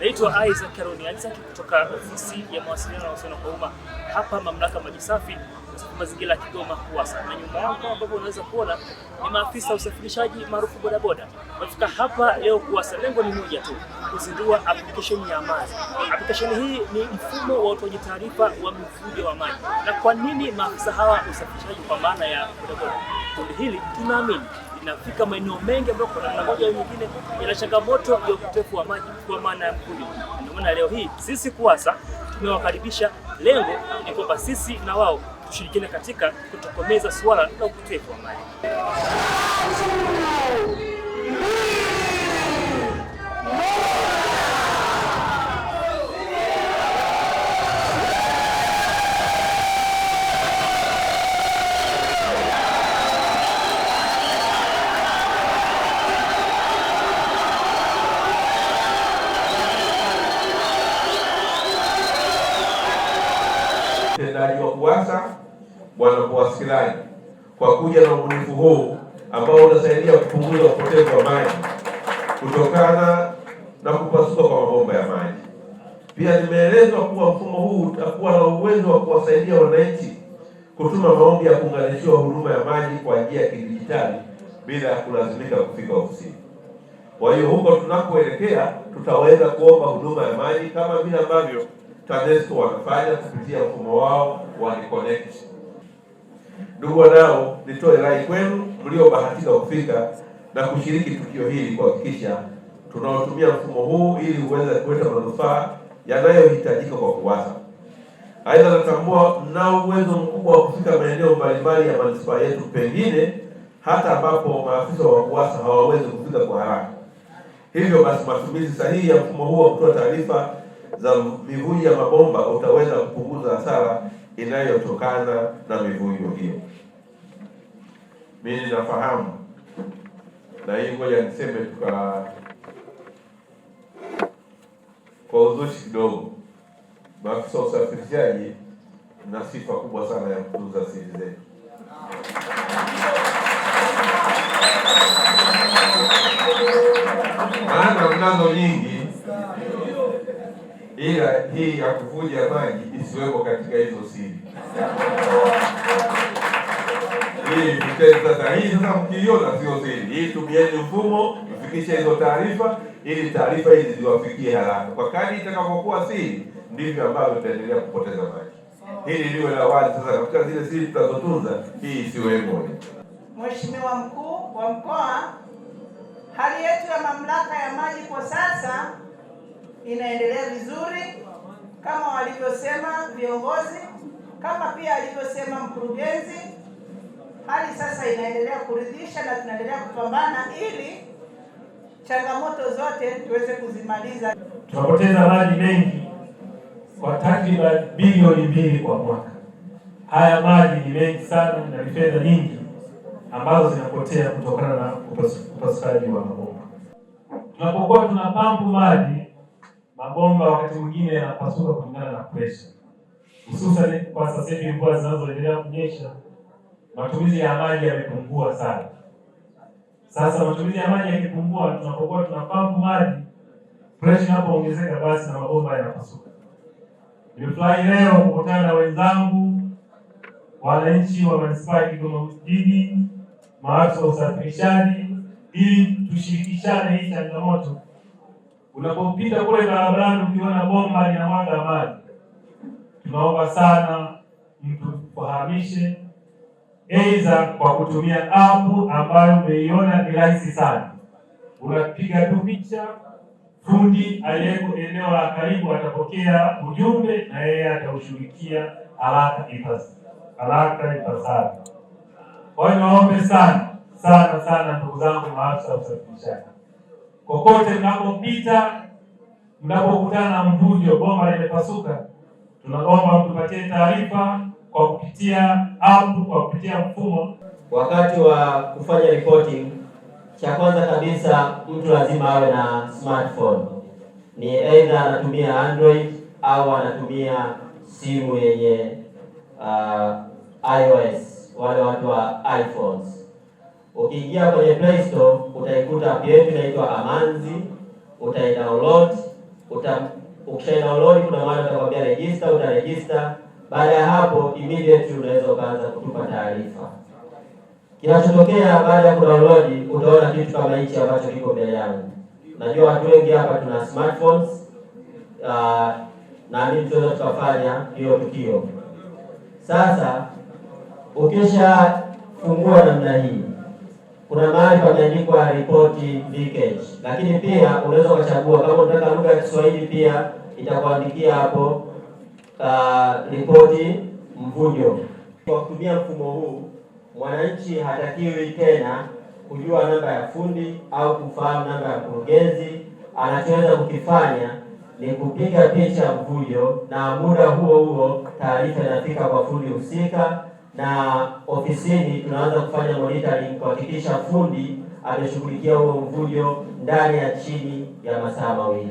Naitwa Isaac Karoni Isaac kutoka ofisi ya mawasiliano na uhusiano kwa umma hapa mamlaka maji safi mazingira ya Kigoma KUWASA, na nyuma yangu ambapo unaweza kuona ni maafisa wa usafirishaji maarufu bodaboda. Wamefika hapa leo KUWASA, lengo ni moja tu, kuzindua application ya maji. Application hii ni mfumo wa utoaji taarifa wa mvujo wa maji. Na kwa nini maafisa hawa usafirishaji, kwa maana ya bodaboda? Kundi hili tunaamini inafika maeneo mengi ambayo kuna na moja nyingine ina changamoto ya ukosefu wa maji kwa maana ya mkuyu. Ndio maana leo hii sisi KUWASA tumewakaribisha, lengo ni kwamba sisi na wao tushirikiane katika kutokomeza suala la ukosefu wa maji. BUWASA, Bwana Boaskilai kwa kuja na ubunifu huu ambao unasaidia kupunguza upotevu wa maji kutokana na kupasuka kwa mabomba ya maji. Pia nimeelezwa kuwa mfumo huu utakuwa na uwezo wa kuwasaidia wananchi kutuma maombi ya kuunganishiwa huduma ya maji kwa njia ya kidijitali bila ya kulazimika kufika ofisini. Kwa hiyo huko tunakoelekea tutaweza kuomba huduma ya maji kama vile ambavyo TANESCO wanafanya kupitia mfumo wao wa Reconnect. Ndugu wanao, nitoe rai kwenu mliobahatika kufika na kushiriki tukio hili kuhakikisha tunaotumia mfumo huu ili uweze kuleta manufaa yanayohitajika kwa KUWASA. Aidha, natambua mnao uwezo mkubwa wa kufika maeneo mbalimbali ya manispaa yetu, pengine hata ambapo maafisa wa KUWASA hawawezi kufika kwa haraka. Hivyo basi, matumizi sahihi ya mfumo huu wa kutoa taarifa za mivujo ya mabomba utaweza kupunguza hasara inayotokana na mivujo hiyo. Mimi ninafahamu na hii, ngoja niseme tuka kwa uzushi kidogo, maafisa usafirishaji na sifa kubwa sana ya kutunza siri zetu. Maana mnazo nyingi ila hii ya kuvuja maji isiwemo katika hizo siri. Hii sasa, hii sasa mkiiona sio siri hii, tumieni mfumo mfikishe hizo taarifa, ili taarifa hizi ziwafikie haraka. Kwa kadri itakapokuwa siri, ndivyo ambavyo tutaendelea kupoteza maji. Hili liwe la wazi sasa, katika zile siri tutazotunza, hii isiwemo. Mheshimiwa mkuu wa mkoa, hali yetu ya mamlaka ya maji kwa sasa inaendelea vizuri kama walivyosema viongozi, kama pia alivyosema mkurugenzi. Hali sasa inaendelea kuridhisha na tunaendelea kupambana ili changamoto zote tuweze kuzimaliza. Tunapoteza maji mengi kwa takriban bilioni mbili kwa mwaka. Haya maji ni mengi sana na ni fedha nyingi ambazo zinapotea kutokana na upasukaji wa mabomba. Tunapokuwa tuna pampu maji mabomba wakati mwingine yanapasuka kulingana na presha, hususan kwa sasa hivi mvua zinazoendelea kunyesha, matumizi ya maji yamepungua sana. Sasa matumizi ya maji yakipungua, tunapokuwa tunapampu maji, presha inapoongezeka, basi na mabomba yanapasuka. Nimefurahi leo kukutana na wenzangu wananchi wa manispaa ya Kigoma Mjini, maafisa wa usafirishaji, ili tushirikishane hii changamoto Unapopita kule barabarani ukiona bomba linamwaga maji, tunaomba sana mtu kuhamishe aidha kwa kutumia apu ambayo umeiona ni rahisi sana, unapiga tu picha, fundi aliyeko eneo la karibu atapokea ujumbe na yeye ataushughulikia haraka ipasavyo. Kwa hiyo niwaombe sana sana sana, ndugu zangu maafisa usafirishaji kokote mnapopita, mnapokutana na mvunjo, bomba limepasuka, tunaomba mtupatie taarifa kwa kupitia app, kwa kupitia mfumo. Wakati wa kufanya reporting, cha kwanza kabisa mtu lazima awe na smartphone, ni aidha anatumia Android au anatumia simu yenye uh, iOS, wale watu wa iPhones Ukiingia kwenye Play Store utaikuta app yetu inaitwa Amanzi, utaidownload uta, ukishaidownload kuna mahali utakwambia register, uta register. Baada ya hapo immediately unaweza ukaanza kutupa taarifa. Kinachotokea baada ya kudownload, utaona kitu kama hichi ambacho kiko mbele yangu. Najua watu wengi hapa tuna smartphones uh, ah, na mimi tunaweza tukafanya hiyo tukio. Sasa ukisha fungua namna hii kuna mahali pameandikwa ripoti leakage, lakini pia unaweza ukachagua kama unataka lugha ya Kiswahili, pia itakuandikia hapo uh, ripoti mvujo. Kwa kutumia mfumo huu, mwananchi hatakiwi tena kujua namba ya fundi au kufahamu namba ya mkurugenzi. Anachoweza kukifanya ni kupiga picha mvujo, na muda huo huo taarifa inafika kwa fundi husika na ofisini tunaanza kufanya monitoring kuhakikisha fundi ameshughulikia huo mvujo ndani ya chini ya masaa mawili.